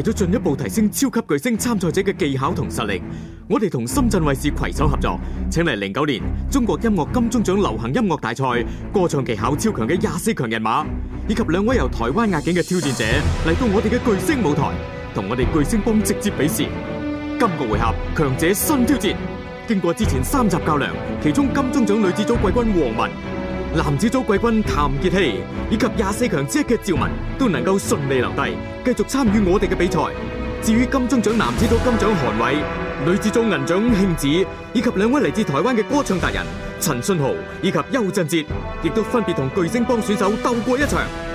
為咗進一步提升超級巨星參賽者嘅技巧同實力，我哋同深圳衛視攜手合作，請嚟零九年中國音樂金鐘獎流行音樂大賽歌唱技巧超強嘅廿四強人馬，以及兩位由台灣壓境嘅挑戰者嚟到我哋嘅巨星舞台，同我哋巨星幫直接比試。今個回合，強者新挑戰。經過之前三集較量，其中金鐘獎女子組季軍王文。男子組季軍譚傑希以及廿四強之一嘅趙文都能夠順利留低，繼續參與我哋嘅比賽。至於金鐘獎男子組金獎韓煒、女子組銀獎慶子以及兩位嚟自台灣嘅歌唱達人陳信豪以及邱振哲，亦都分別同巨聲幫選手鬥過一場。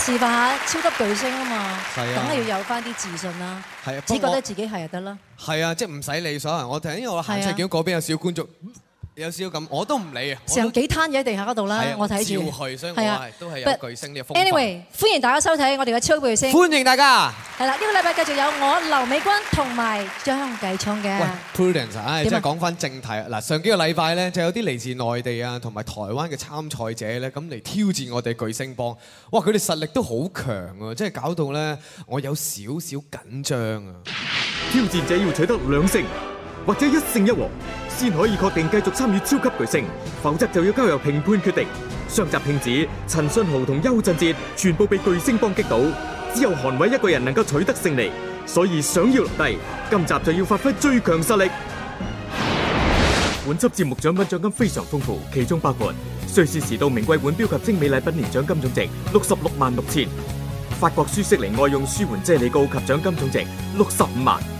示範下超級巨星啊嘛，梗係要有翻啲自信啦，係啊，只覺得自己係就得啦。係啊，即係唔使理所有人，我睇，因為我行出去見到嗰邊有小觀眾。有少少咁，我都唔理啊。成幾攤嘢喺地下嗰度啦，我睇住。招去，所以我係都係有巨星呢個風格。Anyway，歡迎大家收睇我哋嘅超巨星。歡迎大家。係啦，呢個禮拜繼續有我劉美君同埋張繼聰嘅。喂，Prudence，唉，真係講翻正題啊！嗱，上幾個禮拜咧，就有啲嚟自內地啊，同埋台灣嘅參賽者咧，咁嚟挑戰我哋巨星幫。哇，佢哋實力都好強啊！即係搞到咧，我有少少緊張啊！挑戰者要取得兩勝，或者一勝一和。先可以確定繼續參與超級巨星，否則就要交由評判決定。上集拼指陳信豪同邱振哲全部被巨星幫擊倒，只有韓煒一個人能夠取得勝利，所以想要留低，今集就要發揮最強實力。本輯節目獎品獎金非常豐富，其中包括瑞士時度名貴腕錶及精美禮品，年獎金總值六十六萬六千；法國舒適靈外用舒緩啫喱膏及獎金總值六十五萬。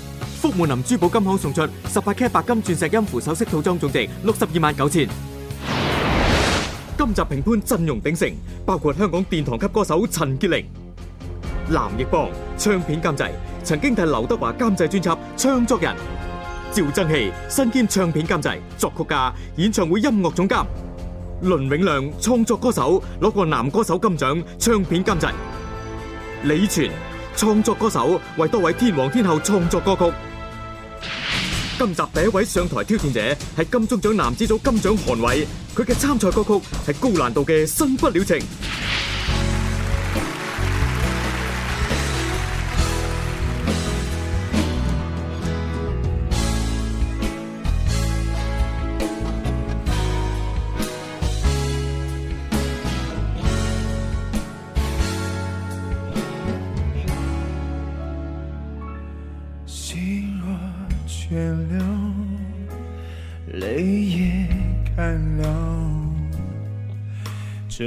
福滿林珠寶金行送出十八 K 白金鑽石音符首飾套裝，總值六十二萬九千。今集評判陣容鼎盛，包括香港殿堂級歌手陳潔靈、藍奕邦、唱片監製，曾經替劉德華監製專輯《唱作人》；趙增熹身兼唱片監製、作曲家、演唱會音樂總監；倫永亮創作歌手，攞過男歌手金獎、唱片監製；李泉創作歌手，為多位天王天后創作歌曲。今集第一位上台挑戰者係金鐘獎男子組金獎韓煒，佢嘅參賽歌曲係高難度嘅《新不了情》。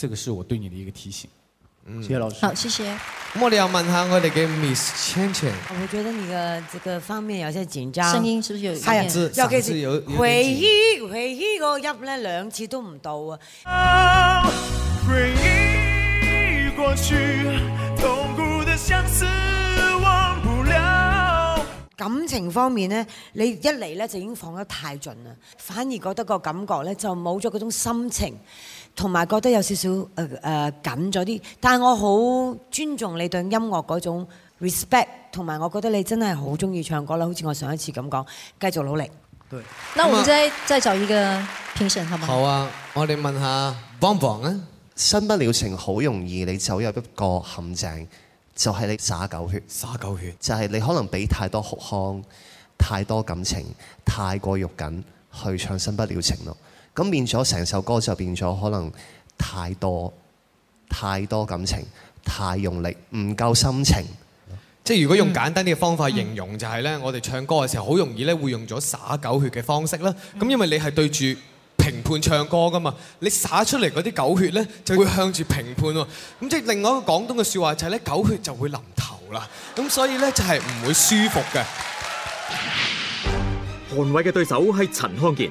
這個是我對你的一個提醒。嗯、謝謝老師。好，謝謝。莫料問下我哋嘅 Miss 倩倩，我覺得你嘅這個方面有些緊張，聲音是不是有？是，尤其是回憶，回憶嗰個音呢，兩、那個、次都唔到啊。回憶過去，痛苦的相思忘不了。感情方面呢，你一嚟呢就已經放得太準啦，反而覺得個感覺呢就冇咗嗰種心情。同埋覺得有少少誒誒緊咗啲，但係我好尊重你對音樂嗰種 respect，同埋我覺得你真係好中意唱歌啦，好似我上一次咁講，繼續努力。對，嗱，我們再再找一個評審，好嗎？好啊，我哋問下邦邦啊，《新不了情》好容易你走入一個陷阱，就係你灑狗血，灑狗血，就係你可能俾太多哭腔、太多感情、太過肉緊去唱《新不了情》咯。咁變咗成首歌就變咗，可能太多太多感情，太用力，唔夠心情。即、嗯、係如果用簡單啲嘅方法形容，就係呢：我哋唱歌嘅時候好容易咧，會用咗灑狗血嘅方式啦。咁因為你係對住評判唱歌噶嘛，你灑出嚟嗰啲狗血呢，就會向住評判喎。咁即係另外一個廣東嘅説話就係呢狗血就會臨頭啦。咁所以呢，就係唔會舒服嘅。韓煒嘅對手係陳康健。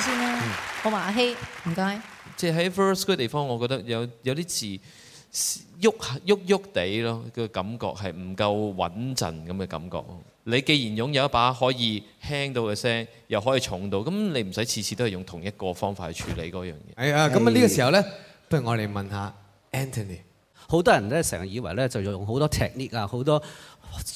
先啦，我問阿希唔該。即喺 first 嗰個地方，我覺得有有啲字喐喐喐地咯，個感覺係唔夠穩陣咁嘅感覺。你既然擁有一把可以輕到嘅聲，又可以重到，咁你唔使次次都係用同一個方法去處理嗰樣嘢。係啊，咁啊呢個時候咧，不如我嚟問下 Anthony。好多人咧成日以為咧就要用好多 technique 啊，好多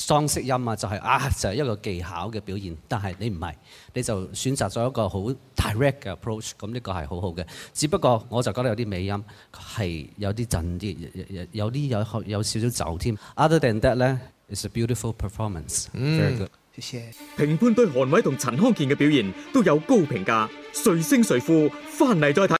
裝飾音啊，就係啊，就係一個技巧嘅表現，但係你唔係，你就選擇咗一個好 direct 嘅 approach。咁呢個係好好嘅。只不過我就覺得有啲尾音係有啲震啲，有啲有有少少走添。Other than that 咧，is a beautiful performance。嗯，Very good。謝謝。評判對韓煒同陳康健嘅表現都有高評價，誰勝誰負，翻嚟再睇。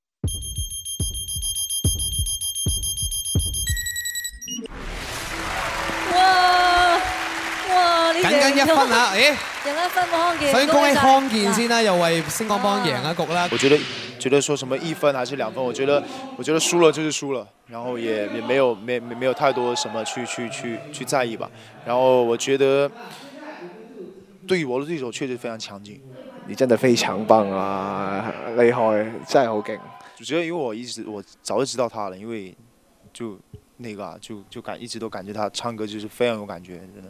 一分啦，啊，誒，贏了一分，康健。首先恭喜康健先啦，又為星光幫贏一局啦。我覺得，覺得說什麼一分還是兩分，我覺得，我覺得輸了就是輸了，然後也也沒有，沒沒沒有太多什麼去去去去在意吧。然後我覺得，對於我的對手確實非常強勁，你真的非常棒啊，厲害，真係好勁。我覺得因為我一直我早就知道他了，因為就那個啊，就就感一直都感覺他唱歌就是非常有感覺，真的。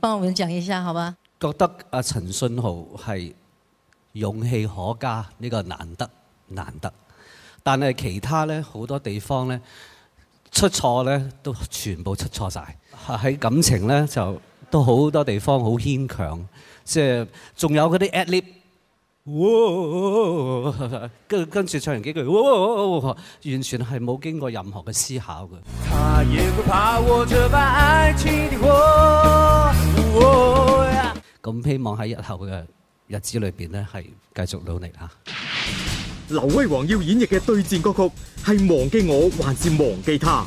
幫我們講一下，好吧？覺得阿陳信豪係勇氣可嘉，呢個難得難得。但係其他呢，好多地方呢，出錯呢都全部出錯曬。喺感情呢，就都好多地方好牽強，即係仲有嗰啲 ad-lib 哇哦哦哦跟跟住唱完幾句，哇哦哦哦完全係冇經過任何嘅思考嘅。咁、哦、希望喺日後嘅日子裏邊咧，係繼續努力吓。劉威煌要演繹嘅對戰歌曲係忘記我還是忘記他。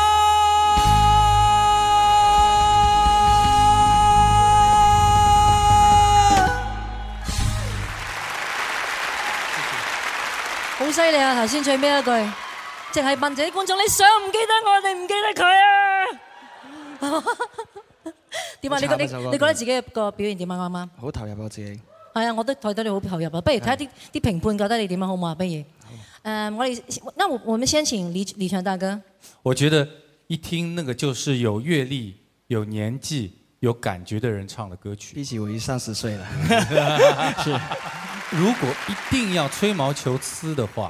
你啊，頭先最尾一句，淨係問自己觀眾，你想唔記得我哋唔記得佢啊？點 啊，啊？你覺你覺得自己個表現點啊？啱唔啱？好投入啊！我自己係啊，我都覺得你好投入啊。不如睇下啲啲評判覺得你點啊？好唔好啊？不如誒，um, 我哋那我我先請李李泉大哥。我覺得一聽那個就是有閱歷、有年紀、有感覺的人唱的歌曲。畢竟我已三十歲了。 是， 如果一定要吹毛求疵的話。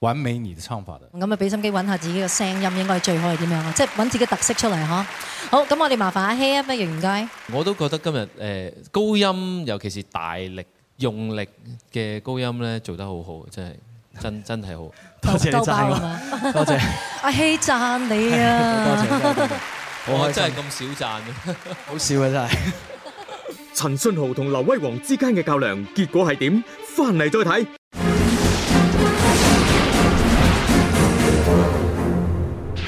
完美你嘅唱法啦！咁啊，俾心機揾下自己嘅聲音，應該最好係點樣啊？即係揾自己的特色出嚟呵。好，咁我哋麻煩阿希啊，不如唔該。我都覺得今日誒、呃、高音，尤其是大力用力嘅高音咧，做得好好，真係真真係好。 多謝你讚我，多、啊、 多謝 阿希讚你啊！我真係咁少讚， 好笑、啊、真係。 陳信豪同劉威煌之間嘅較量結果係點？翻嚟再睇。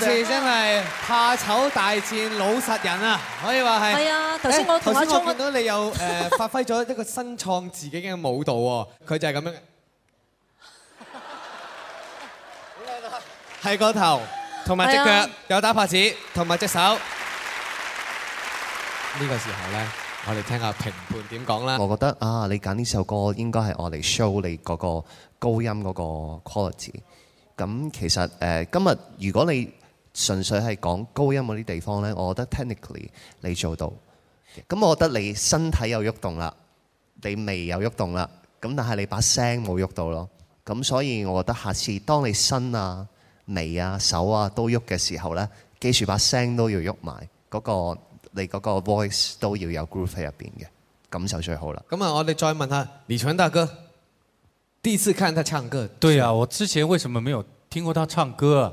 今次、啊、真係怕醜大戰老實人啊！可以話係。係啊，頭先我頭先我見到你又誒發揮咗一個新創自己嘅舞蹈喎。佢就係咁樣，係個頭同埋隻腳有打拍子，同埋隻手。呢個時候咧，我哋聽下評判點講啦。我覺得啊，你揀呢首歌應該係我嚟 show 你嗰個高音嗰個 quality。咁其實誒、呃，今日如果你純粹係講高音嗰啲地方呢，我覺得 technically 你做到，咁我覺得你身體有喐動啦，你未有喐動啦，咁但係你把聲冇喐到咯，咁所以我覺得下次當你身啊眉啊手啊都喐嘅時候呢，記住把聲都要喐埋，嗰、那個你嗰個 voice 都要有 groove 喺入邊嘅，咁就最好啦。咁啊，我哋再問下李泉大哥，第一次看他唱歌。對啊，我之前為什麼沒有聽過他唱歌、啊？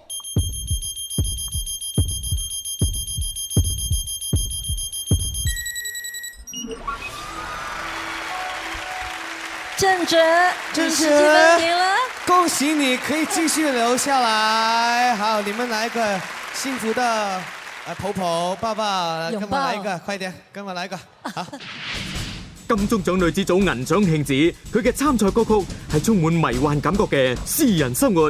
真是恭喜你，可以繼續留下來。好，你們來一個幸福的，呃，婆婆爸爸，跟我來一個，快點，跟我來一個。好， 金鐘獎女子組銀獎慶子，佢嘅參賽歌曲係充滿迷幻感覺嘅《私人生活》。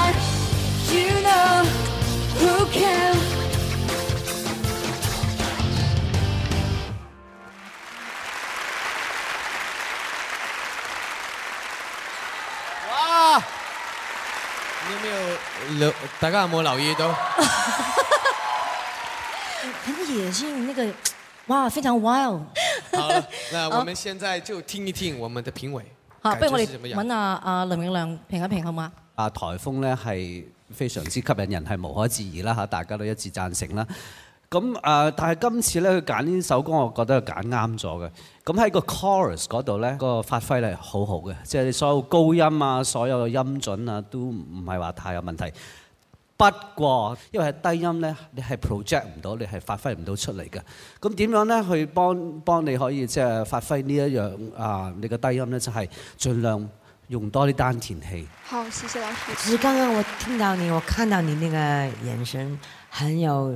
大家有冇留意到？ 很野性，那個，哇，非常 wild。好了，那我們現在就聽一聽我們的評委。吓，不如我哋揾阿阿倫永亮評一評，好唔好？啊，台風咧係非常之吸引人，係無可置疑啦吓，大家都一致讚成啦。咁誒，但係今次咧，佢揀呢首歌，我覺得揀啱咗嘅。咁喺個 chorus 嗰度咧，個發揮咧好好嘅，即係你所有高音啊，所有嘅音準啊，都唔係話太有問題。不過，因為係低音咧，你係 project 唔到，你係發揮唔到出嚟嘅。咁點樣咧，去幫幫你可以即係發揮呢一樣啊？你嘅低音咧，就係盡量用多啲丹田氣。好，謝謝老師。只是剛剛我聽到你，我看到你那個眼神很有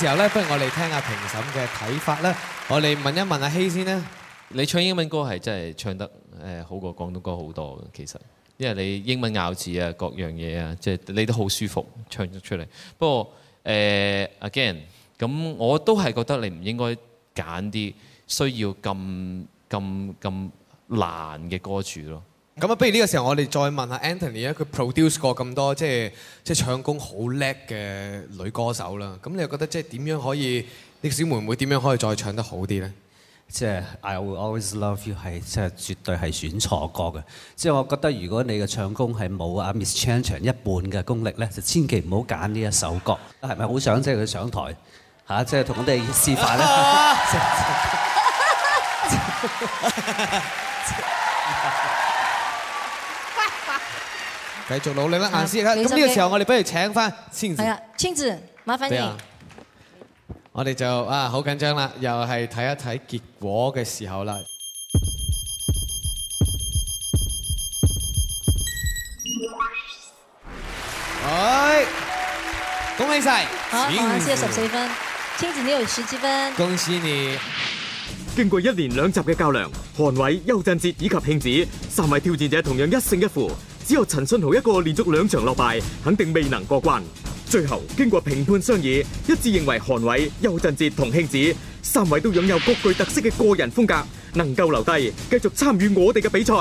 時候咧，不如我哋聽下評審嘅睇法咧。我哋問一問阿希先咧，你唱英文歌係真係唱得誒好過廣東歌好多嘅其實，因為你英文咬字啊，各樣嘢啊，即係你都好舒服唱得出嚟。不過誒，呃，again，咁我都係覺得你唔應該揀啲需要咁咁咁難嘅歌詞咯。咁啊，不如呢個時候我哋再問下 Anthony 啊，佢 produce 過咁多即係即係唱功好叻嘅女歌手啦。咁你又覺得即係點樣可以你個小妹妹點樣可以再唱得好啲呢？即係 I Will Always Love You 係即係絕對係選錯歌嘅。即係我覺得如果你嘅唱功係冇啊 Miss Chan Chan 一半嘅功力咧，就千祈唔好揀呢一首歌。係咪好想即係佢上台吓，即係同我哋示範咧？ 繼續努力啦，雁詩啦。咁呢、這個時候，我哋不如請翻慶子。慶、啊、子，麻煩你。我哋就啊，好緊張啦，又係睇一睇結果嘅時候啦。恭喜晒。好啊！雁詩十四分，慶子你有十七分。恭喜你！經過一連兩集嘅較量，韓煒、邱振哲以及慶子三位挑戰者同樣一勝一負。只有陳信豪一個連續兩場落敗，肯定未能過關。最後經過評判商議，一致認為韓煒、邱振哲同慶子三位都擁有各具特色嘅個人風格，能夠留低繼續參與我哋嘅比賽、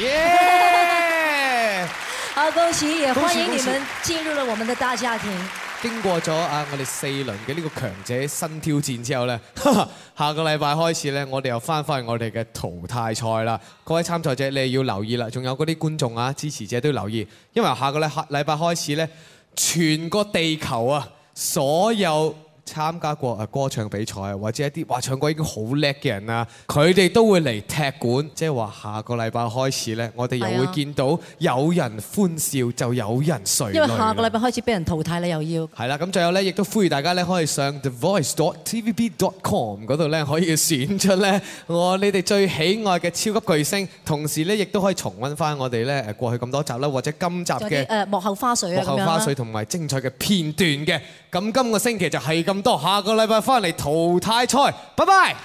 yeah.。好，恭喜也恭喜恭喜，歡迎你們進入了我們的大家庭。經過咗啊，我哋四輪嘅呢個強者新挑戰之後呢，下個禮拜開始呢，我哋又翻返去我哋嘅淘汰賽啦。各位參賽者，你要留意啦，仲有嗰啲觀眾啊、支持者都要留意，因為下個禮禮拜開始呢，全個地球啊，所有。參加過歌唱比賽或者一啲話唱歌已經好叻嘅人啊，佢哋都會嚟踢館。即係話下個禮拜開始咧，我哋又會見到有人歡笑就有人垂淚。因為下個禮拜開始俾人淘汰咧，又要係啦。咁最後咧，亦都呼籲大家咧，可以上 The Voice TVB.com 度咧，可以選出咧我你哋最喜愛嘅超級巨星，同時咧亦都可以重溫翻我哋咧誒過去咁多集啦，或者今集嘅幕後花絮、幕後花絮同埋精彩嘅片段嘅。咁今個星期就係咁多，下個禮拜返嚟淘汰賽，拜拜。